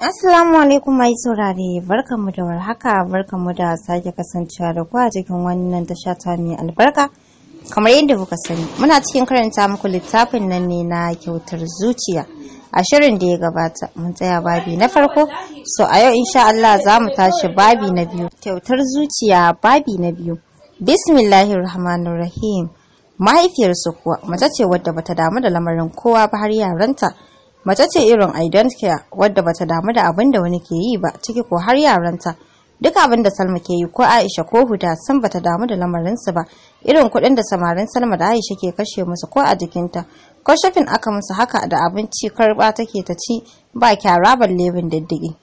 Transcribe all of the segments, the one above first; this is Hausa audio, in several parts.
Assalamu alaikum mai saurare barkanmu da warhaka barkanmu da sake kasancewa da ku a cikin wannan tasha ta mai albarka kamar yadda kuka sani muna cikin karanta muku littafin nan ne na kyautar zuciya a shirin da ya gabata mun tsaya babi na farko so a yau insha Allah za mu tashi babi na biyu kyautar zuciya babi na biyu bismillahir rahmanir rahim mahaifiyarsu kuwa mace ce wadda bata damu da lamarin kowa ba har yaranta mace ce irin i wadda bata damu da abin da wani ke yi ba ciki ko har yaranta duk abin da salma ke yi ko aisha ko huda sun bata damu da lamarin lamarinsu ba irin kuɗin da samarin salma da aisha ke kashe musu ko a jikinta ko shafin aka musu haka da abinci karba take ta ci ba kyara balle lebin diddigi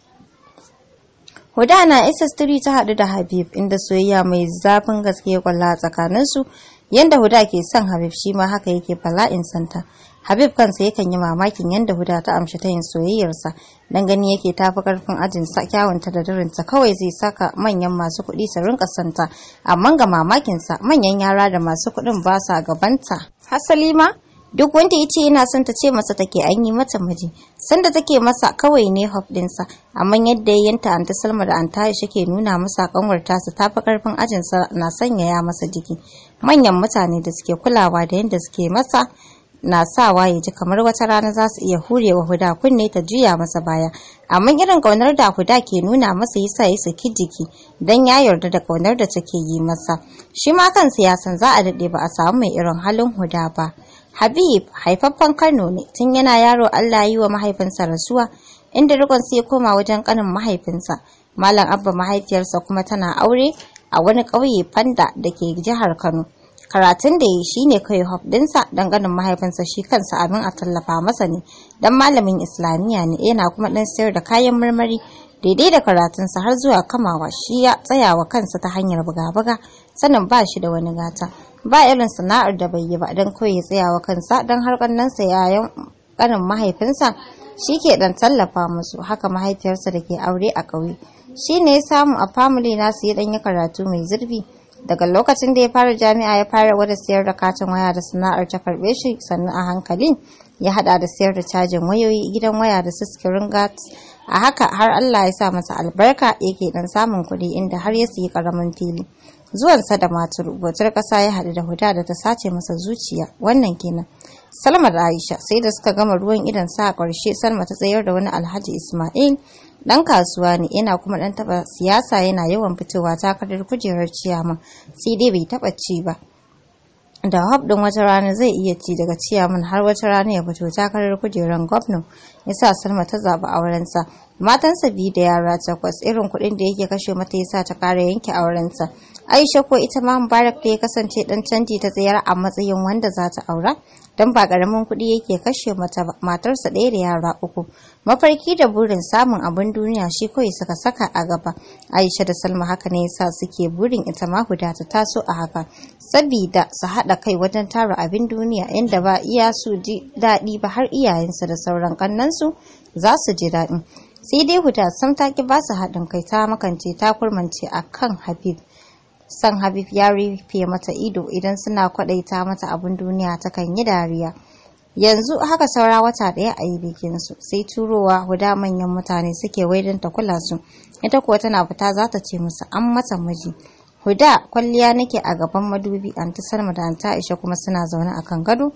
huda na isa street ta haɗu da habib inda soyayya mai zafin gaske ya kwalla tsakaninsu yanda huda ke son habib shi ma haka yake bala'in santa habib kansa yakan yi mamakin yadda huda ta amshi ta yin soyayyarsa dan gani yake ta fi karfin ajin sa kyawunta da durinta kawai zai saka manyan masu kuɗi su rinka santa amma ga mamakinsa manyan yara da masu kuɗin ba sa gabanta hasali ma duk wanda yace ina son ta ce masa take an yi mata miji sanda take masa kawai ne hof dinsa amma yadda ya yanta anta Salma da anta ya ke nuna masa kanwar tasa ta karfin ajin sa na sanyaya masa jiki manyan mutane da suke kulawa da yadda suke masa na sawa ya ji kamar wata rana za su iya hurewa huda kunne ta juya masa baya amma irin kaunar da huda ke nuna masa yasa ya saki jiki dan ya yarda da kaunar da take yi masa shi ma kan siyasan za a dade ba a samu mai irin halin huda ba habib haifaffen kano ne tun yana yaro allah ya yi wa mahaifinsa rasuwa inda rikon sai koma wajen kanin mahaifinsa malam abba mahaifiyarsa kuma tana aure a wani ƙauye fanda da ke jihar kano karatun da ya shi ne kai hof dinsa dan ganin mahaifinsa shi kansa abin a tallafa masa ne Don malamin islamiyya ne yana kuma dan sayar da kayan marmari daidai da karatunsa har zuwa kamawa shi ya tsayawa kansa ta hanyar buga-buga sanin ba shi da wani gata ba irin sana'ar da bai yi ba don kawai ya tsayawa kansa don har ƙannansa yayan ƙanin mahaifinsa shi ke ɗan tallafa musu haka mahaifiyarsa da ke aure a ƙauye shi ne ya samu a family nasu ya dan yi karatu mai zurfi daga lokacin da ya fara jami'a ya fara gwada sayar da katin waya da sana'ar ta karbe shi sannan a hankali ya hada da sayar da cajin wayoyi gidan waya da suskirin gat a haka har Allah ya sa masa albarka yake dan samun kuɗi inda har ya siyi karamin fili Zuwan sa da maturu bautar ƙasa ya haɗu da huda da ta sace masa zuciya wannan kenan salma da aisha sai da suka gama ruwan idan sa a ƙarshe salma ta tsayar da wani alhaji ismail dan kasuwa ne yana kuma dan taba siyasa yana yawan fitowa takardar kujerar ciyaman sai bai taba ci ba da hab din wata rana zai iya ci daga ciyaman har wata rana ya fito takardar kujerar gwamnan yasa Salma ta zaba aurensa matansa biyu da yara takwas irin kuɗin da yake kashe mata yasa ta kara yanke aurensa Aisha ko ita ma Mubarak da ya kasance dan canji ta tsayar a matsayin wanda za ta aura don ba ƙaramin kuɗi yake kashe matarsa ɗaya da yara uku mafarki da burin samun abin duniya shi kawai suka saka a gaba aisha da salma haka ne yasa suke burin ita ma guda ta taso a haka sabida su haɗa kai wajen tara abin duniya inda ba iya su ji daɗi ba har iyayensu da sauran kannansu za su ji daɗi, sai dai huda sam ta ki ba su haɗin kai ta makance ta kurmance a kan habib san habib ya rufe mata ido idan suna kwadaita mata abin duniya ta kan yi dariya yanzu haka saura wata daya a yi su sai turowa guda manyan mutane suke waidan ta kula su ita kuwa tana fita za ta ce musu an mata miji huda kwalliya nake a gaban madubi anti salma da ta aisha kuma suna zaune akan gado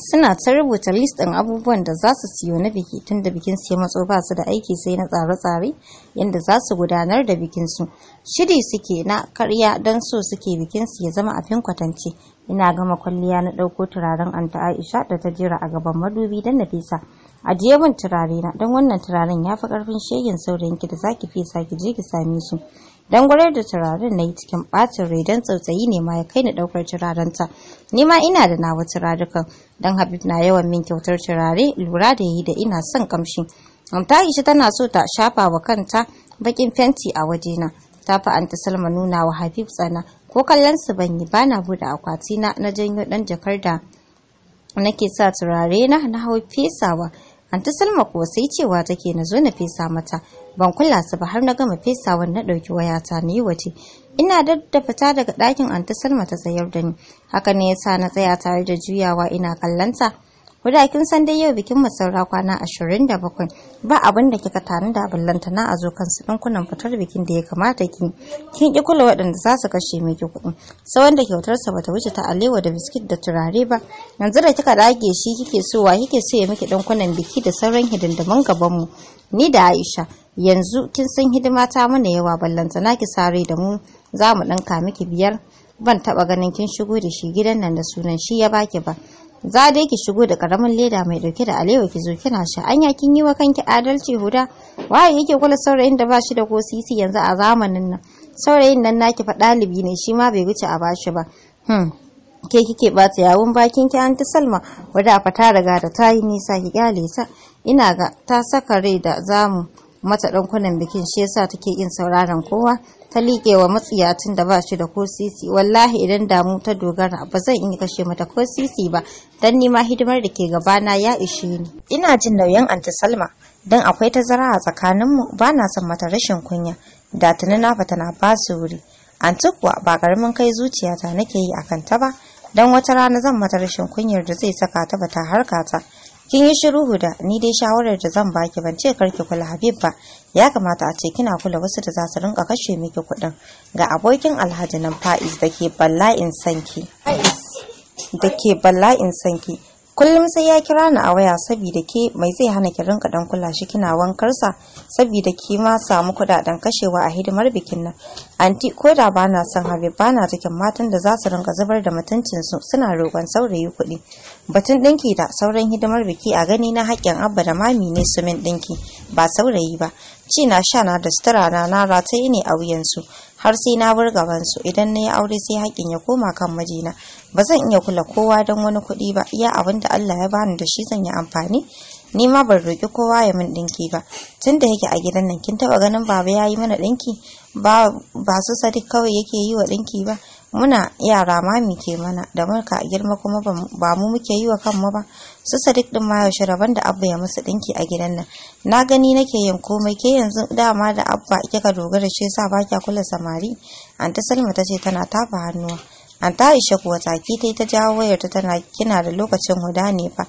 suna ta rubuta list ɗin abubuwan da za su siyo na biki tun da bikin sai matso ba su da aiki sai na tsare-tsare yadda za su gudanar da bikin su. shiri suke na karya don so suke bikin su ya zama abin kwatance ina gama kwalliya na ɗauko turaren anta aisha da ta jira a gaban madubi don na fesa ajiye min turare na don wannan turaren ya fi ƙarfin shegin saurayinki da zaki fesa ki je ki same su. dangwarar da turaren na yi cikin ɓacin rai don tsautsayi ne ma ya kai ni ɗaukar turarenta ni ma ina da nawa turarukan don habib na yawan min kyautar turare lura da yi da ina son kamshi ta ishi tana so ta shafa wa kanta baƙin fenti a wajena ta fi anta salma nuna wa habib tsana ko kallon su ban yi bana buɗe akwati na na janyo ɗan jakar da nake sa turare na na hau fesawa anta salma kuwa sai cewa take na zo na fesa mata ban kula su ba har na gama fesawar na ɗauki wayata na yi waje ina da fita daga ɗakin antasar mata ta tsayar da ni haka ne yasa na tsaya tare da juyawa ina kallanta Kuda kin san dai yau bikin masaura kwana 27 ba abin da kika tanu da lantana a zo kan su dinkunan fitar bikin da ya kamata ki. Kin ki kula waɗanda za su kashe miki kuɗi. Sai wanda kyautar sa bata wuce ta alewa da biskit da turare ba. Yanzu da kika dage shi kike so wa kike so ya miki dinkunan biki da sauran hidindimin gaban mu. Ni da Aisha yanzu kin san hidima ta mana yawa ballantana ki sare da mu za mu ɗanka miki biyar ban taɓa ganin kin shigo da shi gidan nan da sunan shi ya baki ba. za dai ki shigo da karamin leda mai dauke da alewa ki zo kina sha anya kin yi wa kanki adalci huda waye yake kula saurayin da bashi da ko yanzu a zamanin nan saurayin nan naki fa dalibi ne shi ma bai wuce a bashi ba hmm ke kike bata yawun bakin ki anti salma wadda fa ta riga da tayi nisa ki kyale ta ina ga ta saka rai da zamu mata ɗankunan bikin shi yasa take yin sauraron kowa ta liƙe wa tun da ba shi da ko sisi wallahi idan damu ta dogara ba zan iya kashe mata ko sisi ba dan nima hidimar da ke gabana ya ishe ni ina jin nauyin anti salma dan akwai tazara a tsakaninmu ba na son mata rashin kunya da tuni na fata na ba su wuri anti kuwa ba karamin kai zuciyata nake yi akan ta ba dan wata rana zan mata rashin kunyar da zai saka ta ba ta harkata kin yi shiru huda ni dai shawarar da zan baki ban ce karki kula habib ba ya kamata a ce kina kula wasu da za su rinka kashe miki kuɗin ga abokin alhaji nan fa'is da ke sanki da ke bala'in sanki kullum sai ya kira ni a waya saboda ke mai zai hana ki rinka dan kula shi kina wankarsa saboda ki ma samu kudaden kashewa a hidimar bikin nan anti ko da ba na son habe ba na cikin matan da za su rinka zubar da mutuncin su suna roƙon saurayi kuɗi batun ɗinki da sauran hidimar biki a gani na haƙƙin abba da mami ne su min ɗinki ba saurayi ba ci na sha na da sutura na na rataye ne a wuyansu har sai na burga bansu idan na yi aure sai haƙin ya koma kan mijina ba zan iya kula kowa don wani kuɗi ba iya abin da Allah ya bani da shi zan yi amfani ni ma ban roƙi kowa ya min ɗinki ba tun da yake a gidan nan kin taɓa ganin baba ya yi mana ɗinki ba su sadik kawai yake yi wa ɗinki ba muna yara ma mu ke mana da marka a girma kuma ba mu muke yi wa kanmu ba su sadiq din ma yaushe rabon da abba ya musu dinki a gidan nan na gani nake yin komai ke yanzu dama da abba kika dogara shi yasa ba kya kula samari anta salma tace tana tafa hannuwa an ta aisha kuwa zaki ta yi ta jawo wayar ta tana kina da lokacin huda ne fa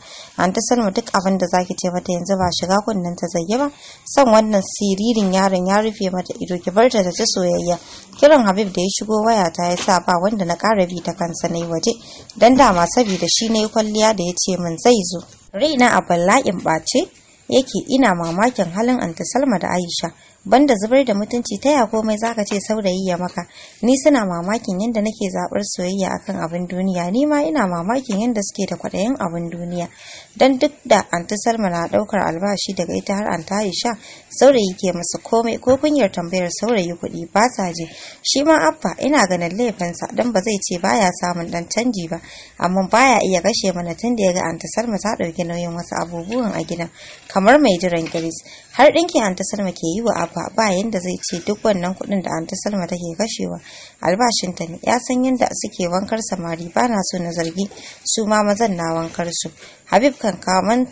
ta salma duk abin da zaki ce mata yanzu ba shiga kunnen ta zayye ba san wannan siririn yaron ya rufe mata ido ki barta ta ci soyayya kiran habib da ya shigo waya ta ya sa ba wanda na kara bi ta kansa na waje dan dama saboda shi ne kwalliya da ya ce min zai zo raina a balla'in ɓace yake ina mamakin halin anta salma da aisha banda zubar da mutunci taya komai zaka ce saurayi ya maka ni suna mamakin yadda nake zabar soyayya akan abin duniya ni ma ina mamakin yadda suke da kwaɗayin abin duniya dan duk da anti salma na ɗaukar albashi daga ita har anta aisha saurayi ke musu komai ko kunyar tambayar saurayi kuɗi ba sa je shi ma abba ina ganin laifinsa dan ba zai ce baya samun dan canji ba amma baya iya kashe mana tun da ya ga anti salma ta ɗauki nauyin wasu abubuwan a gidan kamar mai jiran kiris har ɗinkin anti salma ke yi wa abba ba ba yanda zai ce duk wannan kuɗin da Anta Salma take kashewa albashinta ne ya san yanda suke wankar samari ba na so na zargi su ma mazan na wankar su Habib kan kaman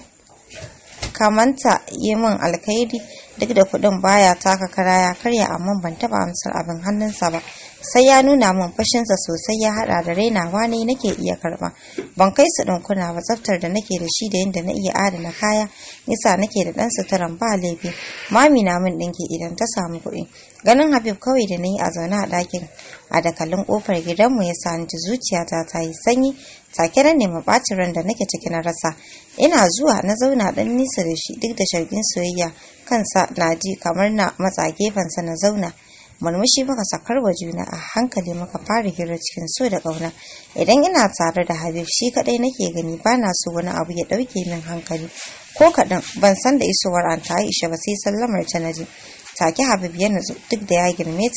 kamanta yi min alkhairi duk da kuɗin baya taka kara ya karya amma ban taɓa amsar abin hannunsa ba sai ya nuna min fashinsa sosai ya hada da rainawa ne nake iya karba ban kai su kuna ba tsaftar da nake da shi da yadda na iya adana kaya yasa nake da dan suturan ba laifi mami na min dinki idan ta samu kuɗi ganin habib kawai da nayi a zaune a ɗakin a dakalin kofar gidanmu ya sani ni zuciyata ta yi sanyi take na nemi bacin ran da nake ciki na rasa ina zuwa na zauna dan nisa da shi duk da shargin soyayya kansa na ji kamar na matsa gefensa na zauna murmushi muka sakar wa juna a hankali muka fara hira cikin so da ƙauna idan ina tare da habib shi kaɗai nake gani ba na so wani abu ya ɗauke min hankali ko kaɗan ban san da isowar an ta aisha ba sai sallamar ta naji take habib ya nutsu duk da ya girme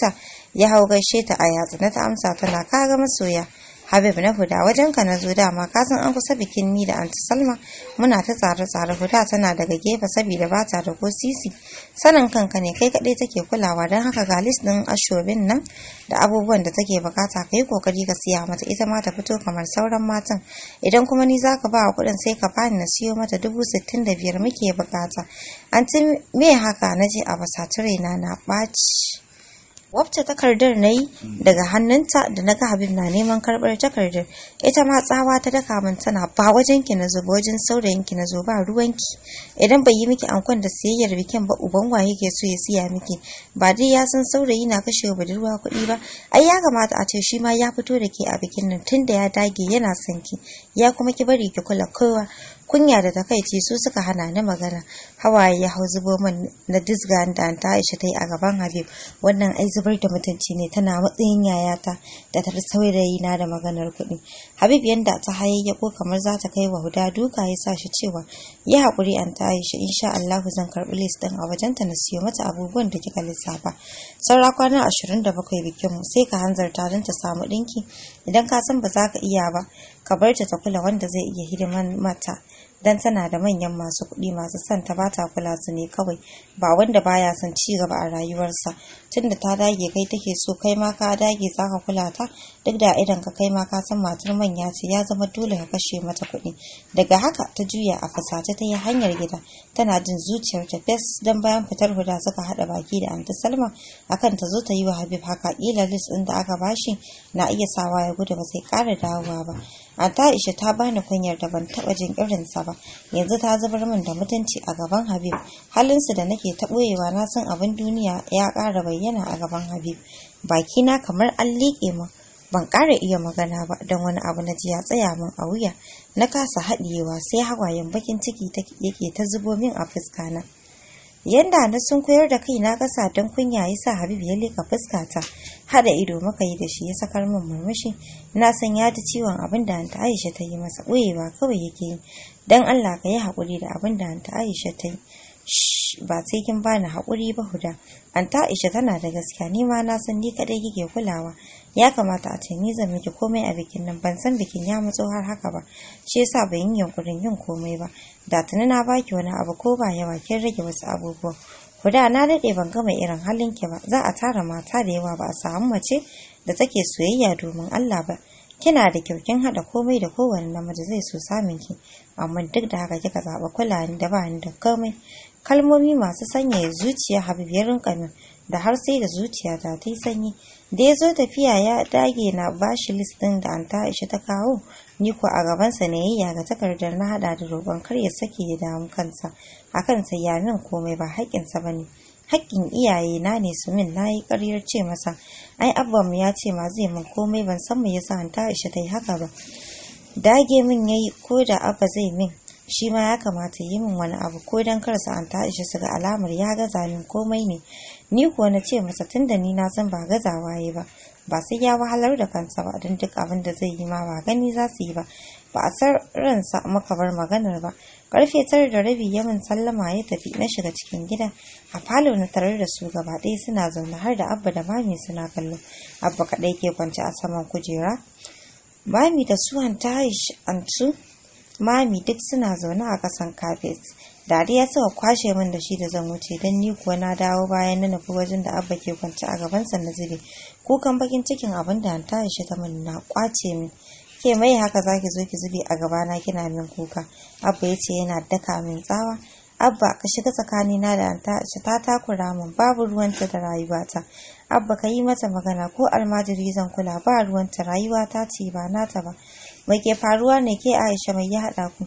ya hau gaishe ta a yatsa na ta amsa tana kaga masoya habib na huda wajen ka na zo dama ka san an kusa bikin ni da Aunty salma muna ta tsare tsare huda tana daga gefe saboda ba ta da ko sisi sanin kanka ne kai kadai take kulawa don haka ga list din ashobin nan da abubuwan da take bukata ka kokari ka siya mata ita ma ta fito kamar sauran matan idan kuma ni zaka ba kuɗin sai ka bani na siyo mata dubu sittin da biyar muke bukata anti me haka naje a basature na na ɓaci wabce takardar na yi daga hannunta da na ga habib na neman karɓar takardar ita ma tsawa ta daka min tana ba wajen ki na zuba wajen saurayin ki na zuba ruwan ruwanki idan bai yi miki ankon da siyayyar bikin ba uban waye ke so ya siya miki ba dai ya san saurayi na kashe budurwa kuɗi ba ai ya kamata a ce shi ma ya fito da ke a bikin nan tunda ya dage yana son ki ya kuma ki bari ki kula kowa kunya da takaici su suka hana ni magana hawaye ya hau zubo min na dizga da ta aisha ta yi a gaban habib wannan ai zubar da mutunci ne tana matsayin yayata da ta saurayi na da maganar kuɗi habib yanda ta hayayya ko kamar za ta kai wa huda duka ya sa shi cewa ya haƙuri an ta aisha insha allahu zan karbi list ɗin a wajen ta na siyo mata abubuwan da kika lissafa saura kwana ashirin da bakwai bikinmu sai ka hanzarta don ta samu ɗinki idan ka san ba za ka iya ba ka barta ta ta kula wanda zai iya hidiman mata don tana da manyan masu kuɗi masu son ta bata kula su ne kawai ba wanda baya son ci gaba a rayuwarsa tunda ta dage kai take so kai ma ka dage zaka kula ta duk da idan ka kai ma ka san matar manya ce ya zama dole ka kashe mata kuɗi daga haka ta juya a fasace ta yi hanyar gida tana jin zuciyar ta fes don bayan fitar huda suka haɗa baki da anti salma akan ta zo ta yi wa habib haka kila lis ɗin da aka bashi na iya sawa ya gudu ba sai ƙara dawowa ba A Ta'isha ta bani kunyar da ban taba jin irinsa ba. Yanzu ta zubar min da mutunci a gaban Habib. Halinsu da nake ta na san abin duniya ya ƙara bayyana a gaban Habib. Baki na kamar an liƙe min. Ban ƙara iya magana ba don wani abu na ji ya tsaya min a wuya. Na kasa haɗiyewa sai hawayen bakin ciki yake ta zubo min a fuskana. yanda na sun koyar da kai na kasa don kunya ya sa habib ya leka fuskata hada ido maka yi da shi ya sakar min murmushi na san ya ji ciwon abin da hanta aisha ta yi masa ba kawai yake yi don allah ka yi haƙuri da abin da hanta aisha ta yi ba sai kin bani haƙuri ba huda hanta aisha tana da gaskiya ni ma na san ni kaɗai kike kulawa ya kamata a ce ni zan miki komai a bikin nan ban san bikin ya matso har haka ba shi yasa ban yi yunkurin yin komai ba da tuni na baki wani abu ko ba yawa kin rage wasu abubuwa ku da na daɗe ban gama irin halin ki ba za a tara mata da yawa ba a samu mace da take soyayya domin Allah ba kina da kyau kin haɗa komai da kowane namiji zai so samun ki amma duk da haka kika zaba kula da ba ni da komai kalmomi masu sanyaya zuciya habibiyarin ya da har sai da zuciya ta yi sanyi da ya zo tafiya ya dage na bashi list ɗin da ta ishe ta kawo ni ko a gabansa na yayya ga takardar na hada da roƙon kar ya sake ya damu kansa akan kan komai ba haƙƙinsa ba ne haƙƙin iyaye na ne su min na yi ƙaryar ce masa ai mu ya ce ma zai min komai ban san mu yasa anta ishe ta yi haka ba dage min yayi ko da abba zai min shi ma ya kamata yi min wani abu ko don kar an ta ishe su ga alamar ya gaza min komai ne ni kuwa na ce masa tun da ni na san ba gazawa yi ba ba sai ya wahalar da kansa ba don duk abin da zai yi ma ba gani za su yi ba ba a san ransa makabar maganar ba karfe tara da rabi ya min sallama ya tafi na shiga cikin gida a falo na tare da su gaba ɗaya suna zaune har da abba da mami suna kallo abba kaɗai ke kwance a saman kujera mami da su an ta mami duk suna zaune a kasan kafet dariya suka kwashe min da shi da zan wuce don ni kuwa na dawo bayan na nufi wajen da abba ke kwance a gabansa na zube kukan bakin cikin abin da ta ya ta min na kwace min ke mai haka zaki zo ki zube a gabana kina min kuka abba ya ce yana daka min tsawa abba ka shiga tsakanina da anta ce ta takura min babu ruwan ta da rayuwata abba ka yi mata magana ko almajiri zan kula ba ruwan ta rayuwa ta ce ba nata ba mai ke faruwa ne ke aisha mai ya haɗa ku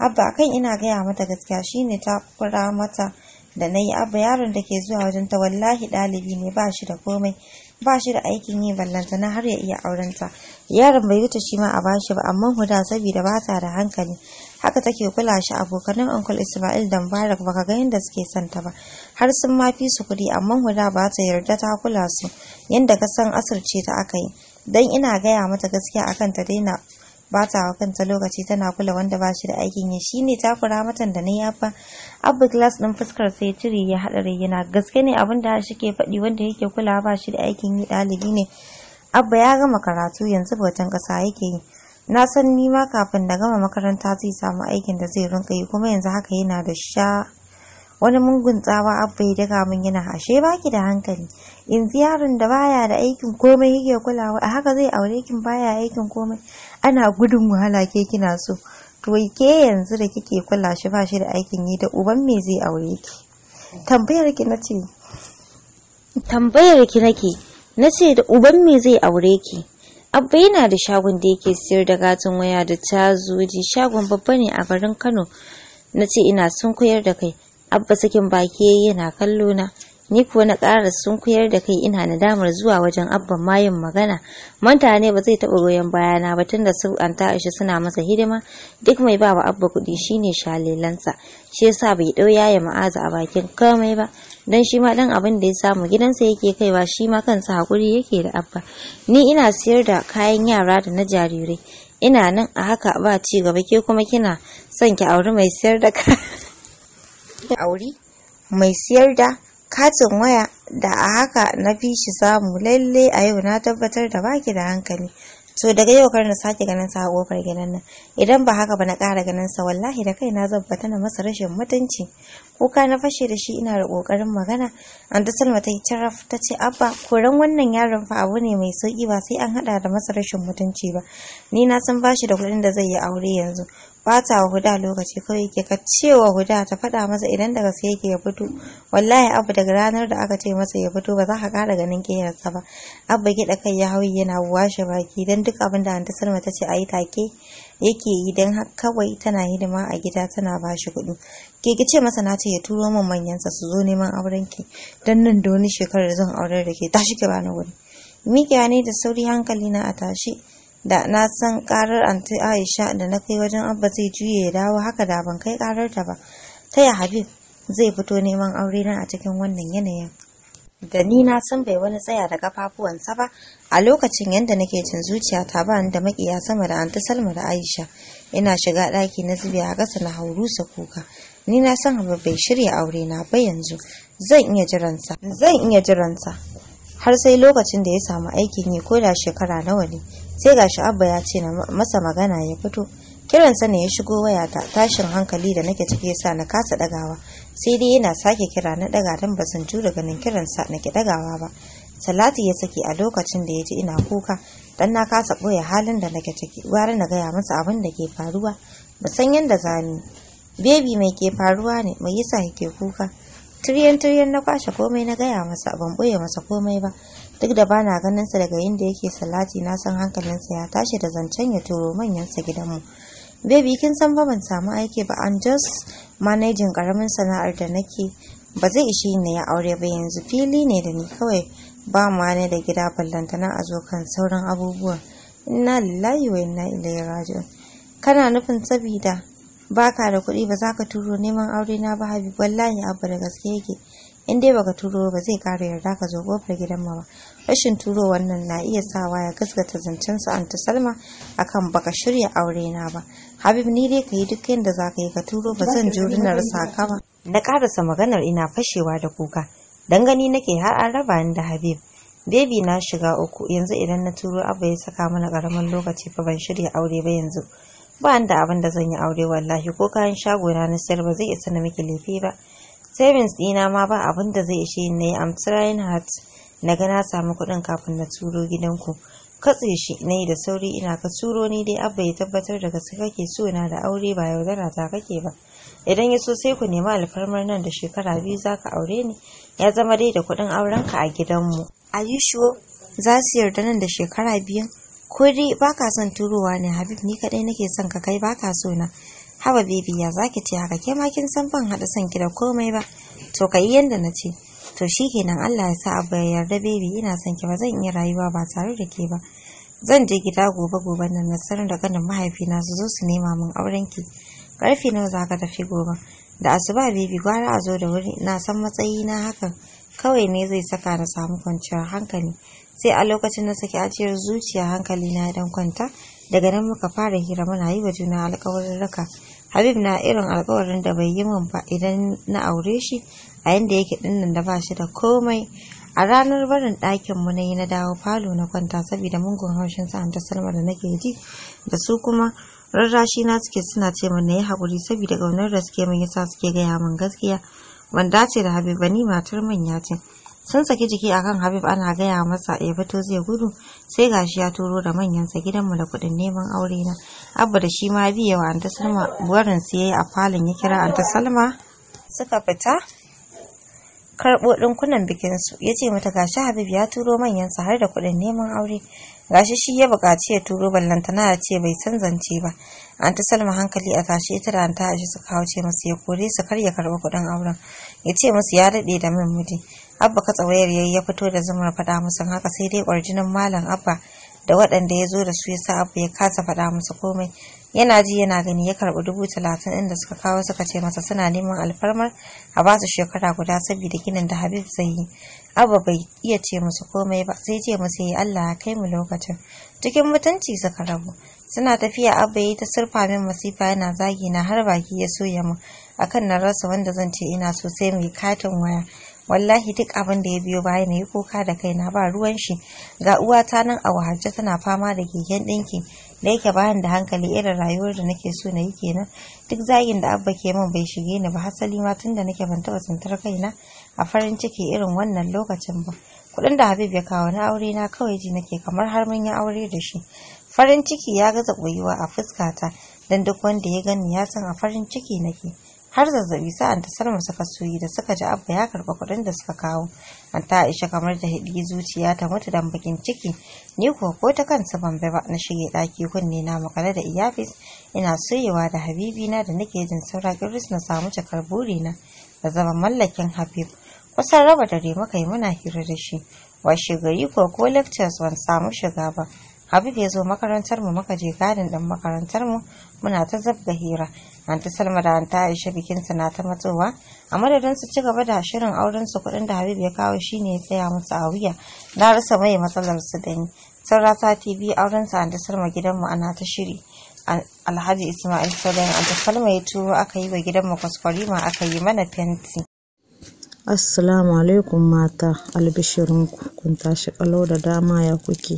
abba akan ina gaya mata gaskiya shine ta kura mata da na yi abba yaron da ke zuwa wajen ta wallahi ɗalibi ne ba shi da komai ba shi da aikin yi ballanta na har ya iya aurenta yaron bai wuce shi ma a bashi ba amma huda saboda ba ta da hankali haka take kula shi abokanan uncle Ismail da Mubarak baka ga yadda suke son ta ba har sun ma fi su kuɗi amma huda ba ta yarda ta kula su yadda ka san asirce ta aka yi dan ina gaya mata gaskiya akan ta daina ba ta wa kanta lokaci tana kula wanda ba shi da aikin yi shine kura matan da na yafa abba glass din fuskar sai cire ya hada rai yana gaske ne abin da shi ke faɗi wanda yake kula ba shi da aikin yi ɗalibi ne abba ya gama karatu yanzu bautan ƙasa yake yi na san ni ma kafin na gama makaranta zai samu aikin da zai rinka yi kuma yanzu haka yana da sha wani mungun tsawa abba ya daga min yana ashe baki da hankali yanzu yaron da baya da aikin komai yake kulawa a haka zai aure kin baya aikin komai ana gudun wahala ke kina so to ke yanzu da kike kula shi ba shi da aikin yi da uban me zai aure ki tambayar ki nace tambayar ki nake nace da uban me zai aure ki abba yana da shagon da yake siyar da gatun waya da tazoji shagon babba ne a garin kano nace ina sun koyar da kai abba sakin baki yana kallo na ni kuwa na ƙara sunkuyar da kai ina nadamar zuwa wajen abban mayin magana manta ne ba zai taɓa goyon bayana ba tunda su an ta suna masa hidima duk mai ba wa abba kuɗi shine shalelansa shi yasa bai ɗau yaya ma'aza a bakin kamai ba dan shi ma dan abin da ya samu gidansa yake kaiwa shi ma kansa hakuri yake da abba ni ina siyar da kayan yara da na jarirai ina nan a haka ba ci gaba ke kuma kina son ki auri mai siyar da auri mai siyar da katin waya da a haka na fi shi samu lalle a yau na tabbatar da baki da hankali to daga yau kar na sake ganin sa a kofar gidan nan idan ba haka ba na kara ganin sa wallahi da kaina zan zabbata na masa rashin mutunci kuka na fashe da shi ina da ƙoƙarin magana anta salma ta yi taraf ta ce abba koran wannan yaron fa abu ne mai sauki ba sai an haɗa da masa rashin mutunci ba ni na san bashi da kuɗin da zai yi aure yanzu bata wa huda lokaci kawai yake ka cewa huda ta faɗa masa idan daga gaske yake ya fito wallahi abu daga ranar da aka ce masa ya fito ba za ka ƙara ganin ƙerarsa ba abba gida kai ya hawi yana washe baki dan duk abin da anta salma ta ce a yi take yake yi don kawai tana hidima a gida tana bashi shi kuɗi ke ki ce masa na ce ya turo min manyansa su zo neman ki don nan da wani shekarar zan aurar da ke tashi ki bani wuri mikiya ne da sauri hankali na a tashi da na san karar anti Aisha da na kai wajen abba zai juye ya dawo haka da ban kai karar ta ba ta ya Habib zai fito neman aure na a cikin wannan yanayin da ni na san bai wani tsaya da kafafuwansa ba a lokacin yadda nake cin zuciya ta ba da makiya sama da anti Salma da Aisha ina shiga ɗaki na zube a ƙasa na haurusa kuka ni na san Habib bai shirya aure na ba yanzu zan iya jiransa zan iya jiransa har sai lokacin da ya samu aikin yi ko da shekara nawa ne sai gashi abba ya ce na masa magana ya fito kiransa ne ya shigo wayata tashin hankali da nake cike sa na kasa dagawa sai dai yana sake kira na daga dan ba san jure ganin kiransa nake dagawa ba salati ya saki a lokacin da ya ji ina kuka dan na kasa boye halin da nake ciki gwara na gaya masa abin da ke faruwa ba san yanda zani baby mai ke faruwa ne mai yasa yake kuka tiryan tiryan na kwashe komai na gaya masa ban boye masa komai ba duk da bana ganin sa daga inda yake salati na san hankalinsa ya tashi da zancen ya turo manyan manyansa gidanmu baby kin san ba ban samu aiki ba I'm just managing karamin sana'ar da nake ba zai ishi ne ya aure ba yanzu fili ne da ni kawai ba mu ne da gida ballantana a zo kan sauran abubuwan inna lillahi wa inna ilaihi raji'un kana nufin sabida baka da kuɗi ba za ka turo neman aure na ba habib wallahi abu da gaske yake in dai baka turo ba zai kara yarda ka zo kofar gidan mu ba rashin turo wannan na iya sawa ya gaskata zancen sa anta salma akan baka shirya aure na ba habib ni dai kayi duk yanda zaka yi ka turo ba zan ji na rasa ka ba na karasa maganar ina fashewa da kuka dan nake har an raba ni da habib Baby na shiga uku yanzu idan na turo abu ya saka mana karamin lokaci fa ban shirya aure ba yanzu ba da abin da zan yi aure wallahi ko kayan shago na na sayar ba zai isa na miki laifi ba savings dina ma ba abin da zai ishe na yi am trying hard na ga na samu kuɗin kafin na turo gidanku katse shi na da sauri ina ka turo ni dai abba ya tabbatar da gaske kake so na da aure ba yaudara ta kake ba idan ya so sai ku nemi alfarmar nan da shekara biyu za ka aure ni ya zama dai da kuɗin aurenka a gidanmu a yi za su yarda nan da shekara biyu ko dai ba ka son turowa ne habib ni kaɗai nake son ka kai ba ka so na haba baby ya zaki ce haka ke ma kin san ban hada son ki da komai ba to ka yanda na ce to shi kenan Allah ya sa abu ya yarda baby ina sanki ki ba zan iya rayuwa ba tare da ke ba zan je gida gobe gobe nan na sanar da ganin mahaifina su zo su nema min auren ki karfi nawa zaka tafi gobe da asuba baby gwara a zo da wuri na san matsayi na hakan kawai ne zai saka na samu kwanciyar hankali sai a lokacin na saki ajiyar zuciya hankali na dan kwanta daga nan muka fara hira muna yi wa juna alƙawarin raka habib na irin alkawarin da bai yi min ba idan na aure shi a yanda yake dinnan da ba shi da komai a ranar barin ɗakin mu na yi na dawo falo na kwanta saboda mungun haushin sa ta salma da nake ji da su kuma rarrashi na suke suna ce min na yi haƙuri saboda gaunar da suke min yasa suke gaya min gaskiya ban dace da habib ba ni matar manya ce sun saki jiki akan habib ana gaya masa ya fito zai gudu sai gashi ya turo da manyansa gidanmu da kuɗin neman aure na abba da shi ma yawa an ta salma buwarin su yayi a falin ya kira an ta salma suka fita karɓo ɗinkunan bikinsu ya ce mata gashi habib ya turo manyansa har da kuɗin neman aure gashi shi ya buƙaci ya turo ballantana ya ce bai san zance ba an ta salma hankali a tashi ita da ta aji suka hauce masu ya kore su kar ya karɓi kuɗin auren yace ce musu ya daɗe da min miji abba katsawayar yayi ya fito da zumar faɗa musu haka sai dai ƙwarjinin malam abba da waɗanda ya zo da su ya sa abba ya kasa faɗa musu komai yana ji yana gani ya karɓi dubu talatin inda suka kawo suka ce masa suna neman alfarmar a basu shekara guda saboda ginin da habib zai yi abba bai iya ce musu komai ba sai ce musu yi allah ya kai mu lokacin cikin mutunci suka rabu suna tafiya abba ya ta surfa min masifa yana zagi na har baki ya soya mu akan na rasa wanda zan ce ina so sai mai katin waya wallahi duk abin da ya biyo baya mai kuka da kaina ba ruwan shi ga uwata nan a wahalce tana fama da keken ɗinki da yake bayan da hankali irin rayuwar da nake so na yi kenan duk zagin da abba ke min bai shige ni ba hasali ma tun da nake ban taɓa tsintar kaina a farin ciki irin wannan lokacin ba kuɗin da habib ya kawo na aure na kawai ji nake kamar har mun yi aure da shi farin ciki ya gaza ɓoyuwa a fuskata don duk wanda ya gani ya san a farin ciki nake har zazzabi sa'an ta salma suka soyi da suka ji abba ya karɓa kuɗin da suka kawo an ta aisha kamar da hidi zuciya ta mutu dan bakin ciki ni ko ko ta kansa ban bai ba na shige ɗaki kunne na makare da iyafis ina soyewa da habibi na da nake jin saura kiris na samu cakar burina da zama mallakin habib kusan raba dare muka yi muna hira da shi washe gari ko ko lectures ban samu shiga ba Habib ya zo makarantar mu muka je gadin ɗin makarantar mu muna ta zabga hira Anta Salma da Anta Aisha bikinsa na ta matsowa, a madadin su ci gaba da shirin auren su kuɗin da Habib ya kawo shine ya tsaya musu a wuya. Na rasa mai matsalar su da ni. Saura sati biyu auren sa Anta Salma gidanmu ana ta shiri. Alhaji Ismail Sadan Anta Salma ya tuwo aka yi wa gidanmu ma aka yi mana fenti. Assalamu alaikum mata albishirinku kun tashi kalau da dama ya kuke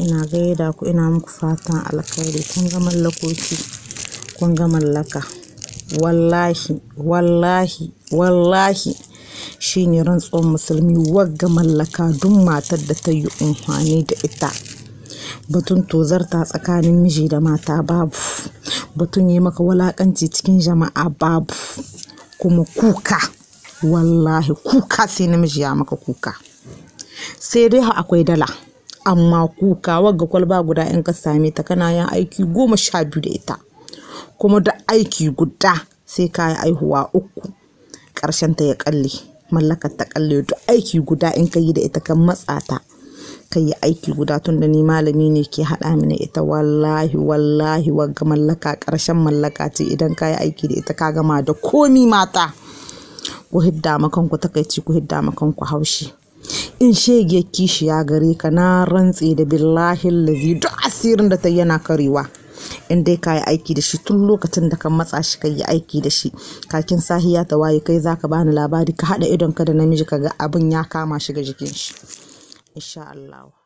ina gaida ku ina muku fatan alkhairi kun ga mallakoki kun ga mallaka wallahi wallahi wallahi shine rantsuwar musulmi wagga mallaka duk matar da ta yi amfani da ita batun tozarta tsakanin miji da mata babu batun yi maka walakanci cikin jama'a babu kuma kuka wallahi kuka sai namiji ya maka kuka sai dai akwai dala amma kuka wagga kwalba guda in ka same ta kana yin aiki goma sha biyu da ita kuma da aiki guda sai ka yi aihuwa uku karshen ta ya kalle mallaka ta kalle duk aiki guda in ka yi da ita kan matsata. ka yi aiki guda tun da ni malami ne ke haɗa mini ita wallahi wallahi wagga mallaka Karshen mallaka ce idan ka yi aiki da ita ka gama da komi mata ku hidda makanku takaici ku hidda makanku haushi in shege kishi ya gare ka na rantse da billahi lazi duk asirin da ta yana karewa in dai ka yi aiki da shi tun lokacin da ka matsa shi ka yi aiki da shi kakin sahiya ta waye kai zaka bani labari ka haɗa idonka da namiji ka ga abin ya kama shi ga jikin shi insha Allah